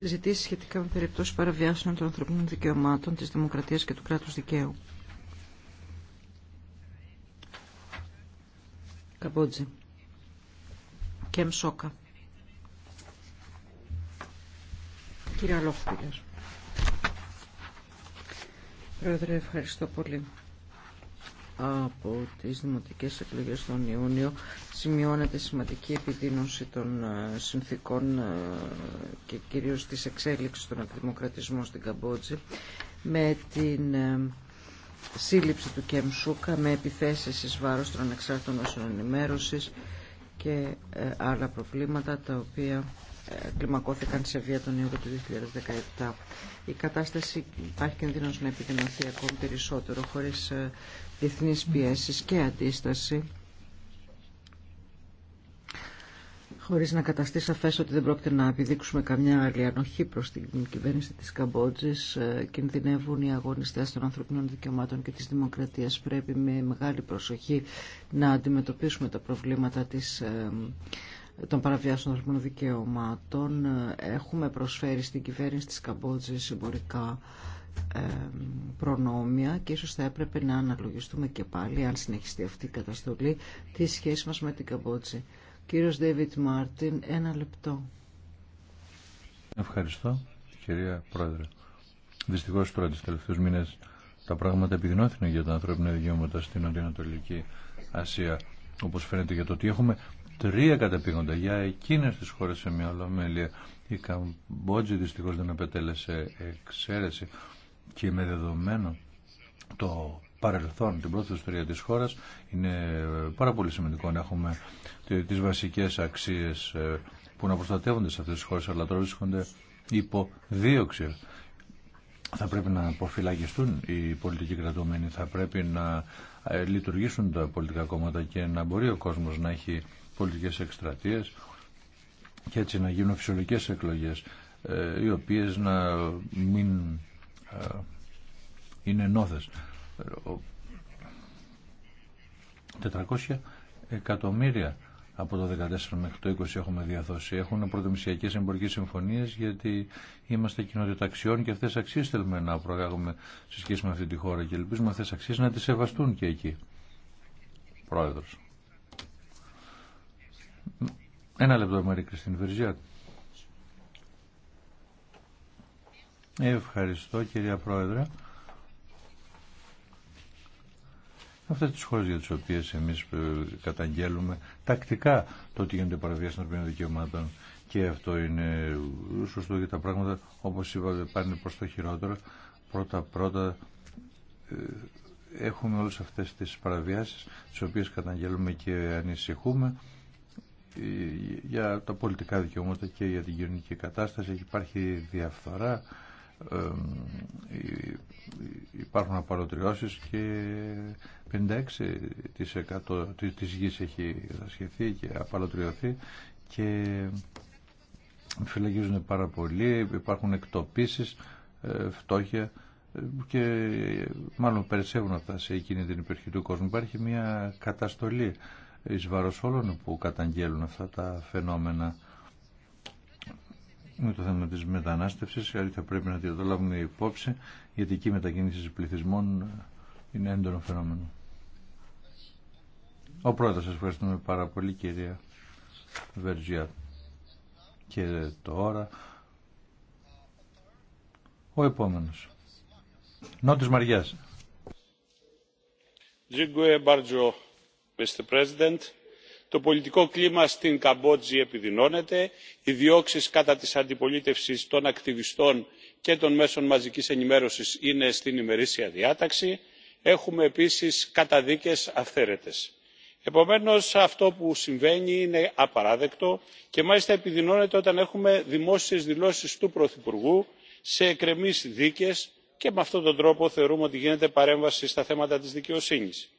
Ζητήσει σχετικά με περιπτώσει παραβιάσεων των ανθρωπίνων δικαιωμάτων, τη δημοκρατία και του κράτου δικαίου. Καμπότζη. Κεμ Σόκα. Κύριε Πρόεδρε, ευχαριστώ πολύ από τις δημοτικές εκλογές τον Ιούνιο σημειώνεται σημαντική επιδείνωση των ε, συνθήκων ε, και κυρίως της εξέλιξης των αντιδημοκρατισμών στην Καμπότζη με την ε, σύλληψη του Κεμσούκα με επιθέσεις εις βάρος των ανεξάρτητων όσων και άλλα προβλήματα τα οποία κλιμακώθηκαν σε βία τον Ιούλιο του 2017. Η κατάσταση υπάρχει κινδύνο να επιδεινωθεί ακόμη περισσότερο χωρί ε, διεθνεί πιέσει και αντίσταση Χωρί να καταστεί σαφέ ότι δεν πρόκειται να επιδείξουμε καμιά άλλη ανοχή προ την κυβέρνηση τη Καμπότζη, ε, κινδυνεύουν οι αγωνιστέ των ανθρωπινών δικαιωμάτων και τη δημοκρατία. Πρέπει με μεγάλη προσοχή να αντιμετωπίσουμε τα προβλήματα της ε, των παραβιάσεων των δικαιωμάτων. Ε, έχουμε προσφέρει στην κυβέρνηση της Καμπότζης εμπορικά ε, προνόμια και ίσως θα έπρεπε να αναλογιστούμε και πάλι, αν συνεχιστεί αυτή η καταστολή, τη σχέση μας με την Καμπότζη. Κύριος Ντέιβιτ Μάρτιν, ένα λεπτό. Ευχαριστώ, κυρία Πρόεδρε. Δυστυχώ τώρα τις τελευταίους μήνες τα πράγματα επιδεινώθηκαν για τα ανθρώπινα δικαιώματα στην Ανατολική Ασία, όπως φαίνεται για το ότι έχουμε τρία καταπήγοντα για εκείνες τις χώρες σε μια ολομέλεια. Η Καμπότζη δυστυχώς δεν επετέλεσε εξαίρεση και με δεδομένο το παρελθόν, την πρώτη ιστορία της χώρας είναι πάρα πολύ σημαντικό να έχουμε τις βασικές αξίες ε, που να προστατεύονται σε αυτές τις χώρες αλλά τώρα βρίσκονται υπό δίωξη. Θα πρέπει να αποφυλακιστούν οι πολιτικοί κρατούμενοι, θα πρέπει να ε, λειτουργήσουν τα πολιτικά κόμματα και να μπορεί ο κόσμος να έχει πολιτικές εκστρατείες και έτσι να γίνουν φυσιολογικές εκλογές ε, οι οποίες να μην ε, είναι νόθες 400 εκατομμύρια από το 2014 μέχρι το 2020 έχουμε διαδώσει. Έχουν πρωτομισιακές εμπορικές συμφωνίες γιατί είμαστε κοινότητα αξιών και αυτές αξίες θέλουμε να προαγάγουμε σε σχέση με αυτή τη χώρα και ελπίζουμε αυτές αξίες να τις σεβαστούν και εκεί. Πρόεδρος. Ένα λεπτό, Μαρία Κριστίν Βερζιάτ. Ευχαριστώ, κυρία Πρόεδρε. Αυτέ τι χώρε για τι οποίε εμεί ε, καταγγέλουμε τακτικά το ότι γίνονται παραβιάσει των ανθρωπίνων δικαιωμάτων και αυτό είναι σωστό για τα πράγματα όπω είπατε πάνε προ το χειρότερο. Πρώτα-πρώτα ε, έχουμε όλε αυτέ τι παραβιάσει τι οποίε καταγγέλουμε και ανησυχούμε για τα πολιτικά δικαιώματα και για την κοινωνική κατάσταση. Υπάρχει διαφθορά, υπάρχουν απαλωτριώσεις και 56% της γης έχει ασχεθεί και απαλωτριωθεί και φυλακίζουν πάρα πολύ, υπάρχουν εκτοπίσεις, ε, φτώχεια ε, και μάλλον περισσεύουν αυτά σε εκείνη την υπερχή του κόσμου. Υπάρχει μια καταστολή εις βάρος όλων που καταγγέλουν αυτά τα φαινόμενα με το θέμα της μετανάστευσης, γιατί θα πρέπει να το λάβουμε υπόψη, γιατί εκεί η μετακίνηση πληθυσμών είναι έντονο φαινόμενο. Ο πρώτος, σας ευχαριστούμε πάρα πολύ κυρία Βερζιά. Και τώρα ο επόμενος. Νότης Μαριάς. Ευχαριστώ πολύ, Mr. President, το πολιτικό κλίμα στην καμπότζη επιδεινώνεται οι διώξεις κατά της αντιπολίτευσης των ακτιβιστών και των μέσων μαζικής ενημέρωσης είναι στην ημερήσια διάταξη έχουμε επίσης καταδίκες αυθαίρετες. επομένως αυτό που συμβαίνει είναι απαράδεκτο και μάλιστα επιδεινώνεται όταν έχουμε δημόσιες δηλώσεις του πρωθυπουργού σε εκρεμείς δίκες και με αυτόν τον τρόπο θεωρούμε ότι γίνεται παρέμβαση στα θέματα της δικαιοσύνης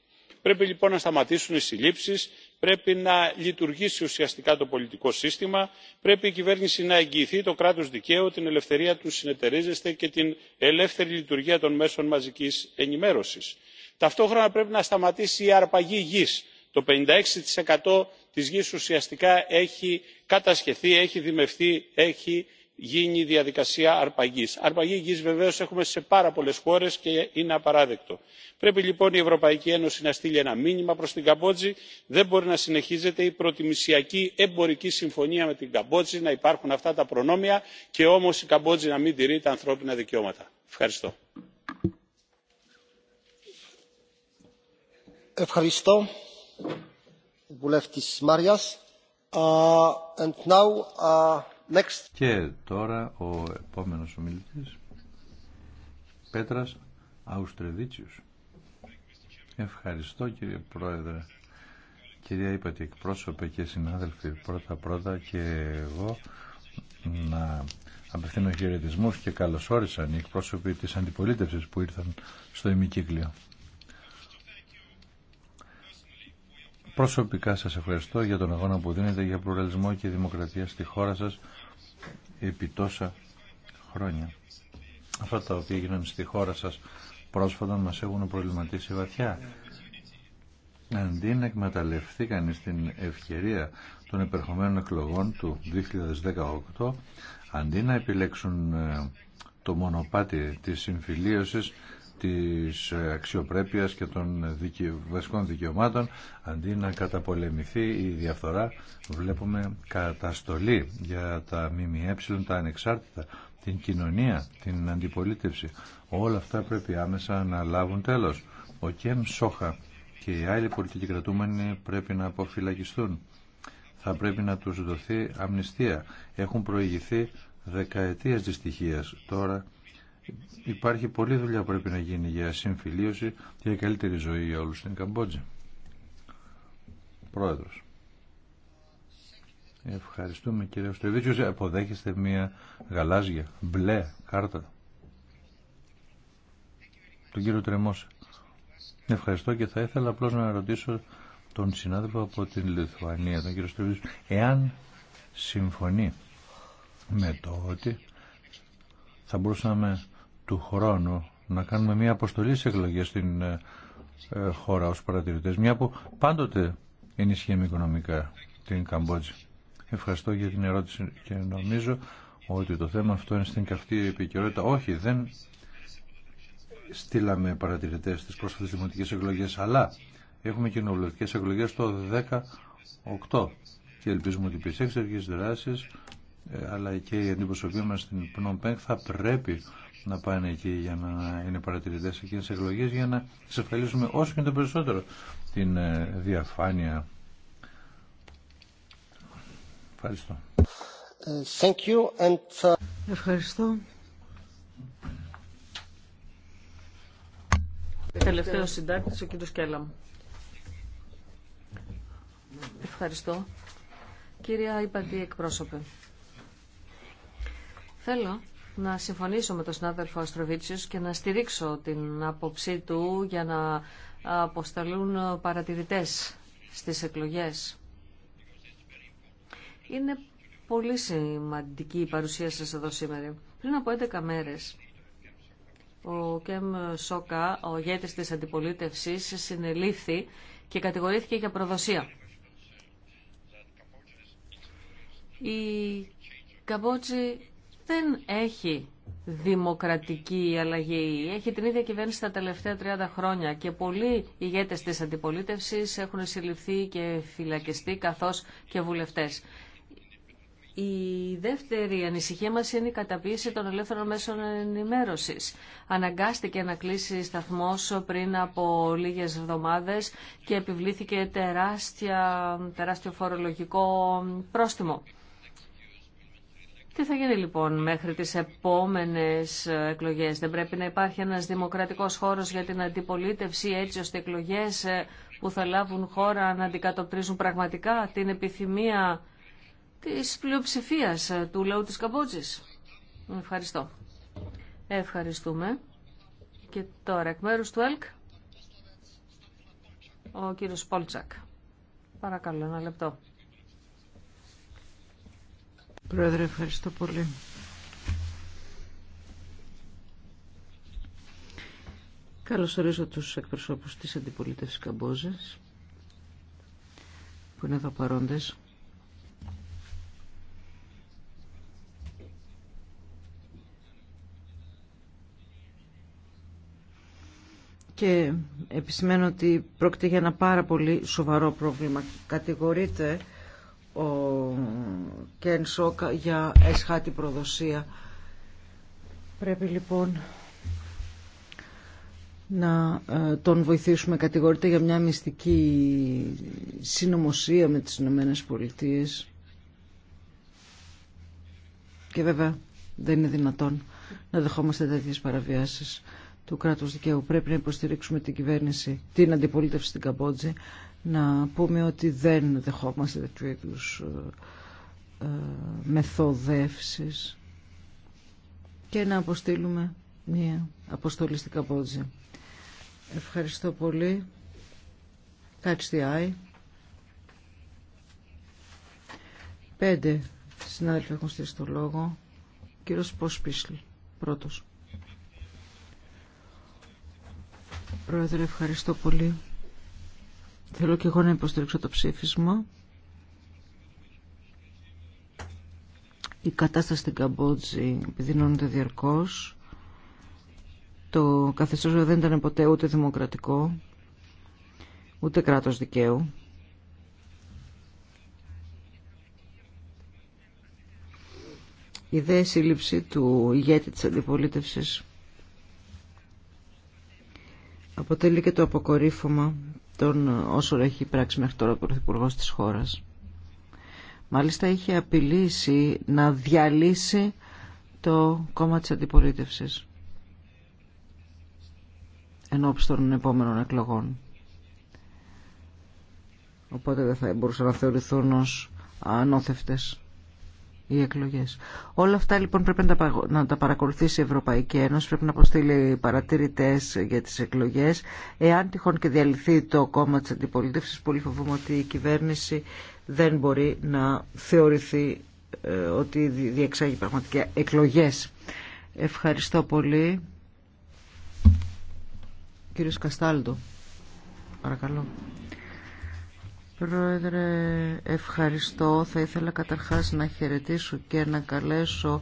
πρέπει λοιπόν να σταματήσουν οι συλλήψεις πρέπει να λειτουργήσει ουσιαστικά το πολιτικό σύστημα πρέπει η κυβέρνηση να εγγυηθεί το κράτος δικαίου την ελευθερία του συνεταιρίζεστε και την ελεύθερη λειτουργία των μέσων μαζικής ενημέρωσης. ταυτόχρονα πρέπει να σταματήσει η αρπαγή γης το 56% της γης ουσιαστικά έχει κατασχεθεί έχει δημευθεί έχει γίνει η διαδικασία αρπαγής. αρπαγή γης βεβαίως έχουμε σε πάρα πολλές χώρες και είναι απαράδεκτο. πρέπει λοιπόν η ευρωπαϊκή ένωση να στείλει ένα μήνυμα προς την καμπότζη δεν μπορεί να συνεχίζεται η προτιμησιακή εμπορική συμφωνία με την καμπότζη να υπάρχουν αυτά τα προνόμια και όμως η καμπότζη να μην τηρεί τα ανθρώπινα δικαιώματα. ευχαριστώ. ευχαριστώ. Και τώρα ο επόμενος ομιλητής, Πέτρας Αουστρεδίτσιος. Ευχαριστώ κύριε Πρόεδρε. Κυρία είπατε εκπρόσωπε και συνάδελφοι πρώτα πρώτα και εγώ να απευθύνω χαιρετισμού και καλωσόρισαν οι εκπρόσωποι της αντιπολίτευσης που ήρθαν στο ημικύκλιο. Προσωπικά σας ευχαριστώ για τον αγώνα που δίνετε για πλουραλισμό και δημοκρατία στη χώρα σας επί τόσα χρόνια. Αυτά τα οποία έγιναν στη χώρα σας πρόσφατα μας έχουν προβληματίσει βαθιά. Αντί να εκμεταλλευτεί κανείς την ευκαιρία των επερχομένων εκλογών του 2018, αντί να επιλέξουν ε, το μονοπάτι της συμφιλίωσης της αξιοπρέπειας και των βασικών δικαιωμάτων αντί να καταπολεμηθεί η διαφθορά βλέπουμε καταστολή για τα ΜΜΕ, τα ανεξάρτητα την κοινωνία, την αντιπολίτευση όλα αυτά πρέπει άμεσα να λάβουν τέλος ο Κέμ Σόχα και οι άλλοι πολιτικοί κρατούμενοι πρέπει να αποφυλακιστούν θα πρέπει να τους δοθεί αμνηστία έχουν προηγηθεί δεκαετίες δυστυχίας τώρα Υπάρχει πολλή δουλειά που πρέπει να γίνει για συμφιλίωση και για καλύτερη ζωή για όλους στην Καμπότζη. Πρόεδρος. Ευχαριστούμε κύριε Στρεβίτσιος. Αποδέχεστε μια γαλάζια, μπλε κάρτα. Τον κύριο Τρεμός. Ευχαριστώ και θα ήθελα απλώς να ρωτήσω τον συνάδελφο από την Λιθουανία, τον κύριο Στρεβίτσιο, εάν συμφωνεί με το ότι θα μπορούσαμε του χρόνου να κάνουμε μια αποστολή σε εκλογές στην ε, ε, χώρα ως παρατηρητές, μια που πάντοτε ενισχύει οικονομικά την Καμπότζη. Ευχαριστώ για την ερώτηση και νομίζω ότι το θέμα αυτό είναι στην καυτή επικαιρότητα. Όχι, δεν στείλαμε παρατηρητές στις πρόσφατες δημοτικές εκλογές, αλλά έχουμε κοινοβουλευτικέ εκλογές το 18 και ελπίζουμε ότι οι εξεργείς δράσεις ε, αλλά και η αντιπροσωπή μας στην Πνομπέγκ θα πρέπει να πάνε εκεί για να είναι παρατηρητές εκεί στις εκλογές για να εξασφαλίσουμε όσο και το περισσότερο την ε, διαφάνεια. Ευχαριστώ. Thank you and... Uh, Ευχαριστώ. Τελευταίο συντάκτη, ο του Κέλαμ. Ευχαριστώ. Κυρία Υπαντή, εκπρόσωπε. Θέλω να συμφωνήσω με τον συνάδελφο Αστροβίτσιος και να στηρίξω την άποψή του για να αποσταλούν παρατηρητές στις εκλογές. Είναι πολύ σημαντική η παρουσία σας εδώ σήμερα. Πριν από 11 μέρες, ο Κέμ Σόκα, ο γέτης της αντιπολίτευσης, συνελήφθη και κατηγορήθηκε για προδοσία. Η Καμπότζη δεν έχει δημοκρατική αλλαγή. Έχει την ίδια κυβέρνηση τα τελευταία 30 χρόνια και πολλοί ηγέτες της αντιπολίτευσης έχουν συλληφθεί και φυλακιστεί καθώς και βουλευτές. Η δεύτερη ανησυχία μας είναι η καταποίηση των ελεύθερων μέσων ενημέρωσης. Αναγκάστηκε να κλείσει σταθμός πριν από λίγες εβδομάδες και επιβλήθηκε τεράστια, τεράστιο φορολογικό πρόστιμο. Τι θα γίνει λοιπόν μέχρι τις επόμενες ε, εκλογές. Δεν πρέπει να υπάρχει ένας δημοκρατικός χώρος για την αντιπολίτευση έτσι ώστε εκλογές ε, που θα λάβουν χώρα να αντικατοπτρίζουν πραγματικά την επιθυμία της πλειοψηφία ε, του λαού της Καμπότζης. Ευχαριστώ. Ευχαριστούμε. Και τώρα εκ μέρους του ΕΛΚ ο κύριος Πόλτσακ. Παρακαλώ ένα λεπτό. Πρόεδρε, ευχαριστώ πολύ. Καλώς ορίζω τους εκπροσώπους της αντιπολίτευσης Καμπόζες που είναι εδώ παρόντες. Και επισημαίνω ότι πρόκειται για ένα πάρα πολύ σοβαρό πρόβλημα. Κατηγορείται ο Κεν Σόκα για εσχάτη προδοσία. Πρέπει λοιπόν να ε, τον βοηθήσουμε κατηγορείται για μια μυστική συνωμοσία με τις Ηνωμένε Πολιτείε. Και βέβαια δεν είναι δυνατόν να δεχόμαστε τέτοιε παραβιάσεις του κράτους δικαίου. Πρέπει να υποστηρίξουμε την κυβέρνηση, την αντιπολίτευση στην Καμπότζη, να πούμε ότι δεν δεχόμαστε τέτοιου είδου ε, μεθοδεύσεις και να αποστείλουμε μια αποστολή στην Καμπότζη. Ευχαριστώ πολύ. Catch the eye. Πέντε συνάδελφοι έχουν στήσει το λόγο. κύριο κύριος Πόσπισλ, πρώτος. Πρόεδρε, ευχαριστώ πολύ. Θέλω και εγώ να υποστηρίξω το ψήφισμα. Η κατάσταση στην Καμπότζη επιδεινώνεται διαρκώς. Το καθεστώς δεν ήταν ποτέ ούτε δημοκρατικό, ούτε κράτος δικαίου. Η δε σύλληψη του ηγέτη της αντιπολίτευσης αποτελεί και το αποκορύφωμα των όσων έχει πράξει μέχρι τώρα ο Πρωθυπουργό τη χώρα. Μάλιστα είχε απειλήσει να διαλύσει το κόμμα της αντιπολίτευσης εν των επόμενων εκλογών. Οπότε δεν θα μπορούσαν να θεωρηθούν ως ανώθευτες οι εκλογές. Όλα αυτά λοιπόν πρέπει να τα παρακολουθήσει η Ευρωπαϊκή Ένωση, πρέπει να αποστείλει παρατηρητές για τις εκλογές. Εάν τυχόν και διαλυθεί το κόμμα της αντιπολίτευση, πολύ φοβούμαι ότι η κυβέρνηση δεν μπορεί να θεωρηθεί ε, ότι διεξάγει πραγματικά εκλογές. Ευχαριστώ πολύ. Κύριος Καστάλτο, παρακαλώ. Πρόεδρε, ευχαριστώ. Θα ήθελα καταρχάς να χαιρετήσω και να καλέσω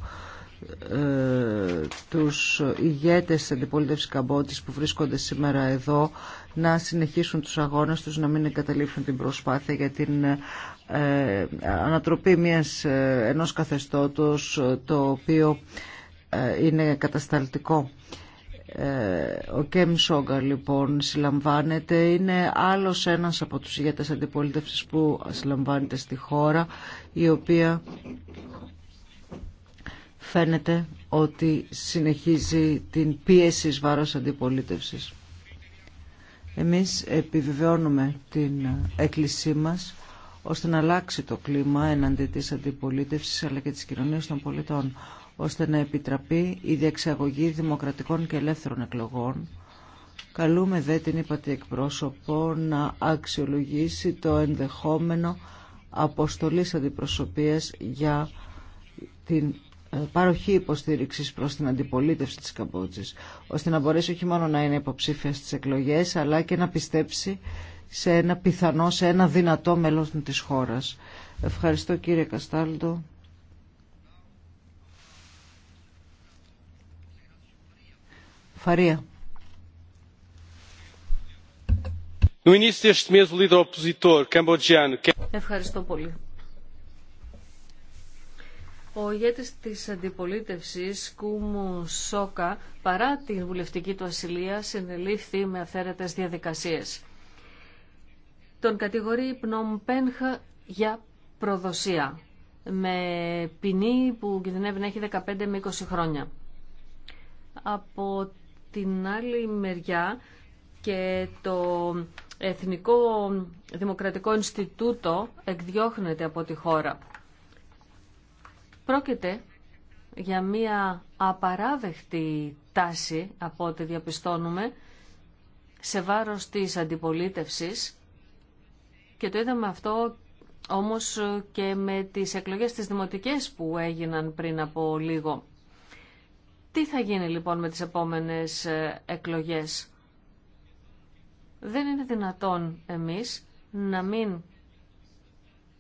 ε, τους ηγέτες της αντιπολίτευσης Καμπότης που βρίσκονται σήμερα εδώ να συνεχίσουν τους αγώνες τους, να μην εγκαταλείψουν την προσπάθεια για την ε, ανατροπή μιας, ε, ενός καθεστώτος ε, το οποίο είναι κατασταλτικό. Ε, ο Κέμ Σόγκα λοιπόν συλλαμβάνεται είναι άλλος ένας από τους ηγέτες αντιπολίτευσης που συλλαμβάνεται στη χώρα η οποία φαίνεται ότι συνεχίζει την πίεση εις βάρος αντιπολίτευσης. Εμείς επιβεβαιώνουμε την έκκλησή μας ώστε να αλλάξει το κλίμα εναντί της αντιπολίτευσης αλλά και της κοινωνίας των πολιτών, ώστε να επιτραπεί η διεξαγωγή δημοκρατικών και ελεύθερων εκλογών. Καλούμε δε την ύπατη εκπρόσωπο να αξιολογήσει το ενδεχόμενο αποστολής αντιπροσωπείας για την ε, παροχή υποστήριξη προ την αντιπολίτευση τη Καμπότζη, ώστε να μπορέσει όχι μόνο να είναι υποψήφια στι εκλογέ, αλλά και να πιστέψει σε ένα πιθανό, σε ένα δυνατό μέλος της χώρας. Ευχαριστώ κύριε Καστάλτο. Φαρία. Ευχαριστώ πολύ. Ο ηγέτης της αντιπολίτευσης Κούμου Σόκα παρά την βουλευτική του ασυλία συνελήφθη με αφαίρετες διαδικασίες τον κατηγορεί Πνομπένχα για προδοσία με ποινή που κινδυνεύει να έχει 15 με 20 χρόνια. Από την άλλη μεριά και το Εθνικό Δημοκρατικό Ινστιτούτο εκδιώχνεται από τη χώρα. Πρόκειται για μία απαράδεκτη τάση από ό,τι διαπιστώνουμε σε βάρος της αντιπολίτευσης και το είδαμε αυτό όμως και με τις εκλογές της δημοτικές που έγιναν πριν από λίγο. Τι θα γίνει λοιπόν με τις επόμενες ε, εκλογές. Δεν είναι δυνατόν εμείς να μην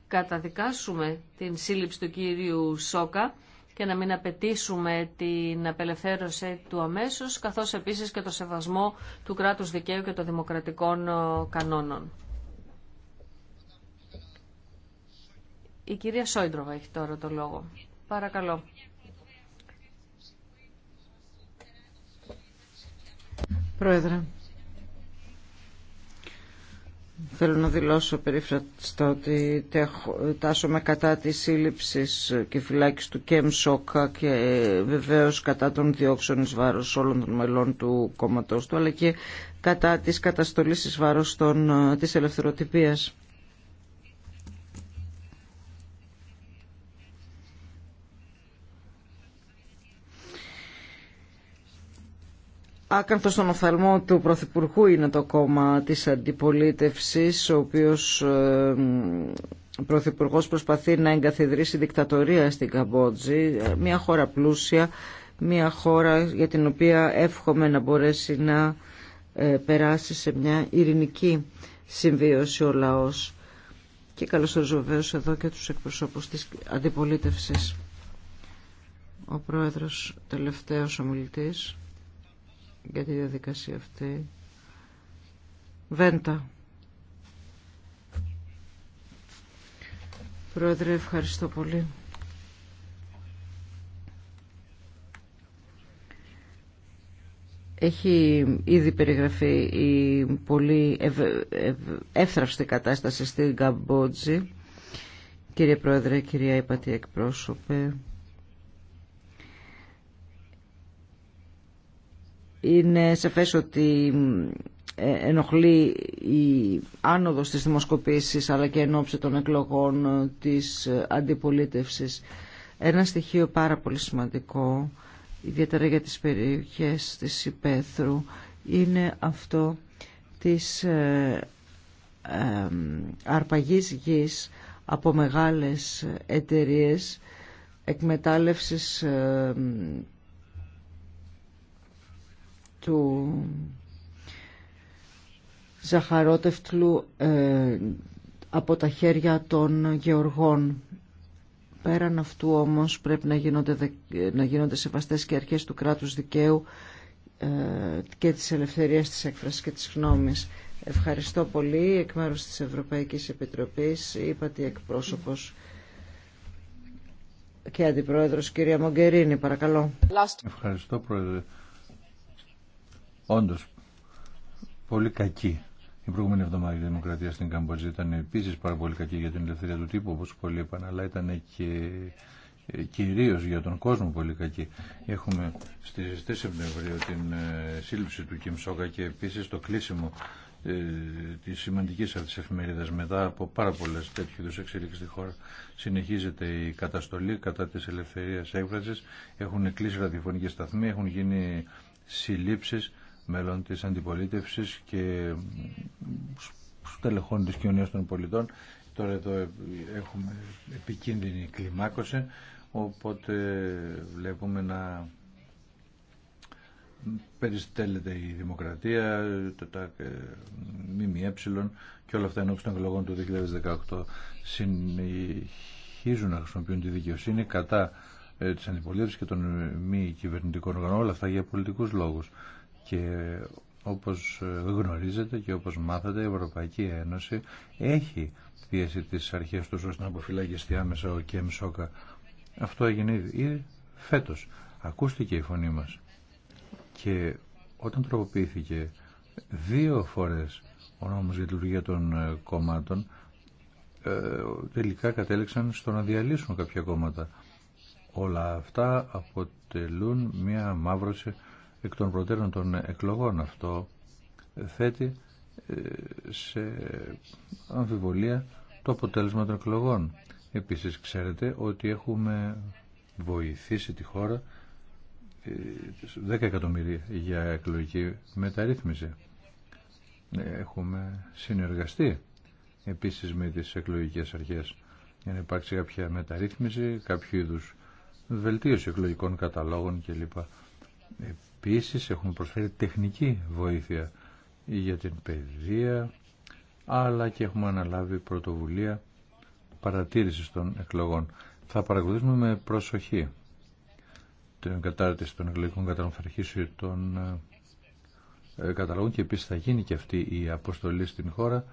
καταδικάσουμε την σύλληψη του κύριου Σόκα και να μην απαιτήσουμε την απελευθέρωση του αμέσως, καθώς επίσης και το σεβασμό του κράτους δικαίου και των δημοκρατικών ε, κανόνων. Η κυρία Σόιντροβα έχει τώρα το λόγο. Παρακαλώ. Πρόεδρε, θέλω να δηλώσω περίφραστα ότι τάσομαι κατά της σύλληψης και φυλάκης του Κέμ Σόκα και βεβαίως κατά των διώξεων εις βάρος όλων των μελών του κόμματός του αλλά και κατά της καταστολής εις βάρος των, της ελευθεροτυπίας. Άκανθο στον οφθαλμό του Πρωθυπουργού είναι το κόμμα της αντιπολίτευσης, ο οποίος ε, Πρωθυπουργός προσπαθεί να εγκαθιδρύσει δικτατορία στην Καμπότζη, ε, μια χώρα πλούσια, μια χώρα για την οποία εύχομαι να μπορέσει να ε, περάσει σε μια ειρηνική συμβίωση ο λαός. Και καλώς βεβαίως εδώ και τους εκπροσώπους της αντιπολίτευσης. Ο πρόεδρος τελευταίος ομιλητής για τη διαδικασία αυτή. Βέντα. Πρόεδρε, ευχαριστώ πολύ. Έχει ήδη περιγραφεί η πολύ εύθραυστη κατάσταση στην Καμπότζη. Κύριε Πρόεδρε, κυρία Υπατή εκπρόσωπε, είναι σαφές ότι ε, ενοχλεί η άνοδος της δημοσκοπήσης αλλά και ώψη των εκλογών ε, της ε, αντιπολίτευσης. Ένα στοιχείο πάρα πολύ σημαντικό, ιδιαίτερα για τις περιοχές της υπαίθρου είναι αυτό της αρπαγής γης από μεγάλες εταιρείες εκμετάλλευσης του ζαχαρότευτλου ε, από τα χέρια των γεωργών. Πέραν αυτού όμως πρέπει να γίνονται, να γίνονται σεβαστές και αρχές του κράτους δικαίου ε, και της ελευθερίας της έκφρασης και της γνώμης. Ευχαριστώ πολύ εκ μέρους της Ευρωπαϊκής Επιτροπής, είπατε εκπρόσωπος και αντιπρόεδρος κυρία Μογκερίνη, παρακαλώ. Ευχαριστώ πρόεδρε. Όντω πολύ κακή. Η προηγούμενη εβδομάδα η δημοκρατία στην Καμποτζή ήταν επίση πάρα πολύ κακή για την ελευθερία του τύπου, όπω πολλοί είπαν, αλλά ήταν και ε, κυρίω για τον κόσμο πολύ κακή. Έχουμε στι 4 Σεπτεμβρίου την ε, σύλληψη του Κιμ Κιμσόκα και επίση το κλείσιμο ε, τη σημαντική αυτή εφημερίδα μετά από πάρα πολλέ τέτοιου είδου εξελίξει στη χώρα. Συνεχίζεται η καταστολή κατά τη ελευθερία έκφραση. Έχουν κλείσει ραδιοφωνικέ σταθμοί, έχουν γίνει συλλήψει μέλων της αντιπολίτευσης και στελεχών της κοινωνίας των πολιτών. Τώρα εδώ έχουμε επικίνδυνη κλιμάκωση, οπότε βλέπουμε να περιστέλλεται η δημοκρατία, το ΤΑΚ, ε, ΜΜΕ και όλα αυτά ενώπιση των εκλογών του 2018 συνεχίζουν να χρησιμοποιούν τη δικαιοσύνη κατά ε, της αντιπολίτευσης και των μη κυβερνητικών οργανών, όλα αυτά για πολιτικούς λόγους. Και όπως γνωρίζετε και όπως μάθατε η Ευρωπαϊκή Ένωση έχει πίεση τις αρχές τους ώστε να στη άμεσα ο Κέμ Σόκα. Αυτό έγινε ήδη φέτος. Ακούστηκε η φωνή μας. Και όταν τροποποιήθηκε δύο φορές ο νόμος για τη λειτουργία των ε, κομμάτων ε, τελικά κατέληξαν στο να διαλύσουν κάποια κόμματα. Όλα αυτά αποτελούν μια μαύρωση εκ των προτέρων των εκλογών αυτό θέτει ε, σε αμφιβολία το αποτέλεσμα των εκλογών. Επίσης ξέρετε ότι έχουμε βοηθήσει τη χώρα 10 ε, εκατομμύρια για εκλογική μεταρρύθμιση. Ε, έχουμε συνεργαστεί επίσης με τις εκλογικές αρχές για να υπάρξει κάποια μεταρρύθμιση, κάποιο είδους βελτίωση εκλογικών καταλόγων κλπ. Επίσης έχουμε προσφέρει τεχνική βοήθεια για την παιδεία αλλά και έχουμε αναλάβει πρωτοβουλία παρατήρησης των εκλογών. Θα παρακολουθήσουμε με προσοχή την κατάρτιση των εκλογικών καταλόγων ε, ε, καταλόγων και επίσης θα γίνει και αυτή η αποστολή στην χώρα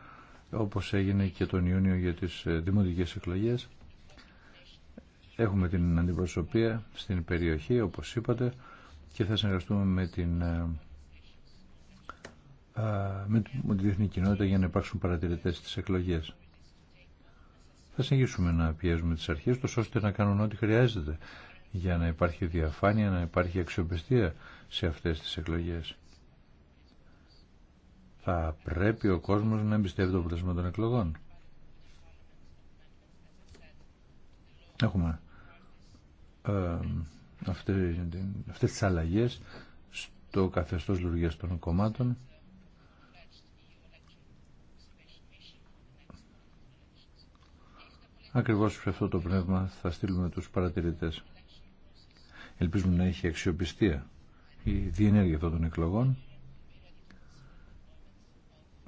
όπως έγινε και τον Ιούνιο για τις ε, δημοτικές εκλογές. Έχουμε την αντιπροσωπεία στην περιοχή όπως είπατε και θα συνεργαστούμε με την ε, ε, με τη διεθνή κοινότητα για να υπάρξουν παρατηρητές στις εκλογές. Θα συνεχίσουμε να πιέζουμε τις αρχές τους ώστε να κάνουν ό,τι χρειάζεται για να υπάρχει διαφάνεια, να υπάρχει αξιοπιστία σε αυτές τις εκλογές. Θα πρέπει ο κόσμος να εμπιστεύει το αποτέλεσμα των εκλογών. Έχουμε ε, αυτές τις αλλαγές στο καθεστώς λειτουργίας των κομμάτων Ακριβώς σε αυτό το πνεύμα θα στείλουμε τους παρατηρητές. Ελπίζουμε να έχει αξιοπιστία η διενέργεια αυτών των εκλογών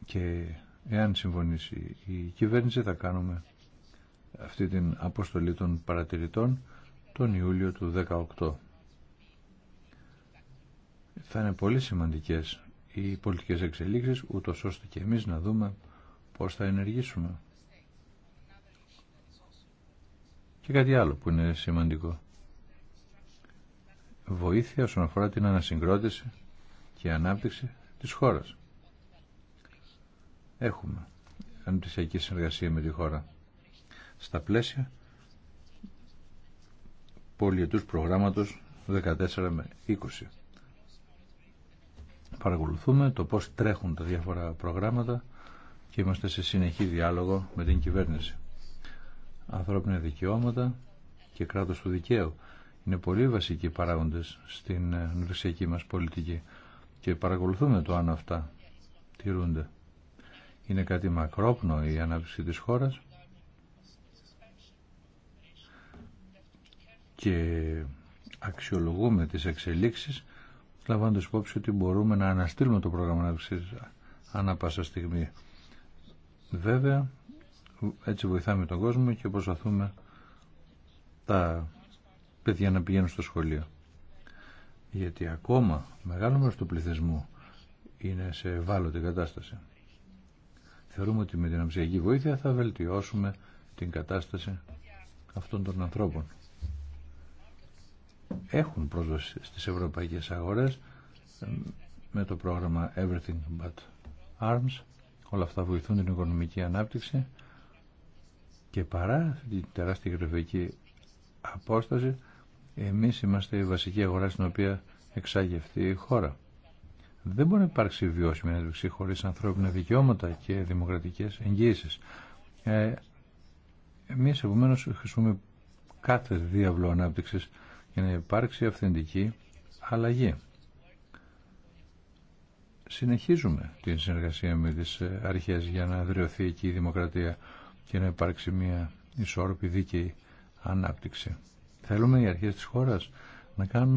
και εάν συμφωνήσει η κυβέρνηση θα κάνουμε αυτή την αποστολή των παρατηρητών τον Ιούλιο του 2018. Θα είναι πολύ σημαντικές οι πολιτικές εξελίξεις, ούτω ώστε και εμείς να δούμε πώς θα ενεργήσουμε. Και κάτι άλλο που είναι σημαντικό. Βοήθεια όσον αφορά την ανασυγκρότηση και ανάπτυξη της χώρας. Έχουμε ανεπτυσιακή συνεργασία με τη χώρα στα πλαίσια πολιετούς προγράμματος 14 με 20. Παρακολουθούμε το πώς τρέχουν τα διάφορα προγράμματα και είμαστε σε συνεχή διάλογο με την κυβέρνηση. Ανθρώπινα δικαιώματα και κράτος του δικαίου είναι πολύ βασικοί παράγοντες στην ε, νοησιακή μας πολιτική και παρακολουθούμε το αν αυτά τηρούνται. Είναι κάτι μακρόπνο η ανάπτυξη της χώρας και αξιολογούμε τις εξελίξεις λαμβάνοντας υπόψη ότι μπορούμε να αναστείλουμε το πρόγραμμα ανάπτυξης ανά πάσα στιγμή. Βέβαια, έτσι βοηθάμε τον κόσμο και προσπαθούμε τα παιδιά να πηγαίνουν στο σχολείο. Γιατί ακόμα μεγάλο μέρος του πληθυσμού είναι σε ευάλωτη κατάσταση. Θεωρούμε ότι με την αμψιακή βοήθεια θα βελτιώσουμε την κατάσταση αυτών των ανθρώπων έχουν πρόσβαση στις ευρωπαϊκές αγορές ε, με το πρόγραμμα Everything But Arms. Όλα αυτά βοηθούν την οικονομική ανάπτυξη και παρά την τεράστια γραφική απόσταση εμείς είμαστε η βασική αγορά στην οποία εξάγει αυτή η χώρα. Δεν μπορεί να υπάρξει βιώσιμη ανάπτυξη χωρίς ανθρώπινα δικαιώματα και δημοκρατικές εγγύησεις. Ε, εμείς επομένως χρησιμοποιούμε κάθε διάβλο ανάπτυξης και να υπάρξει αυθεντική αλλαγή. Συνεχίζουμε την συνεργασία με τις αρχές για να δρεωθεί εκεί η δημοκρατία και να υπάρξει μια ισόρροπη δίκαιη ανάπτυξη. Θέλουμε οι αρχές της χώρας να κάνουν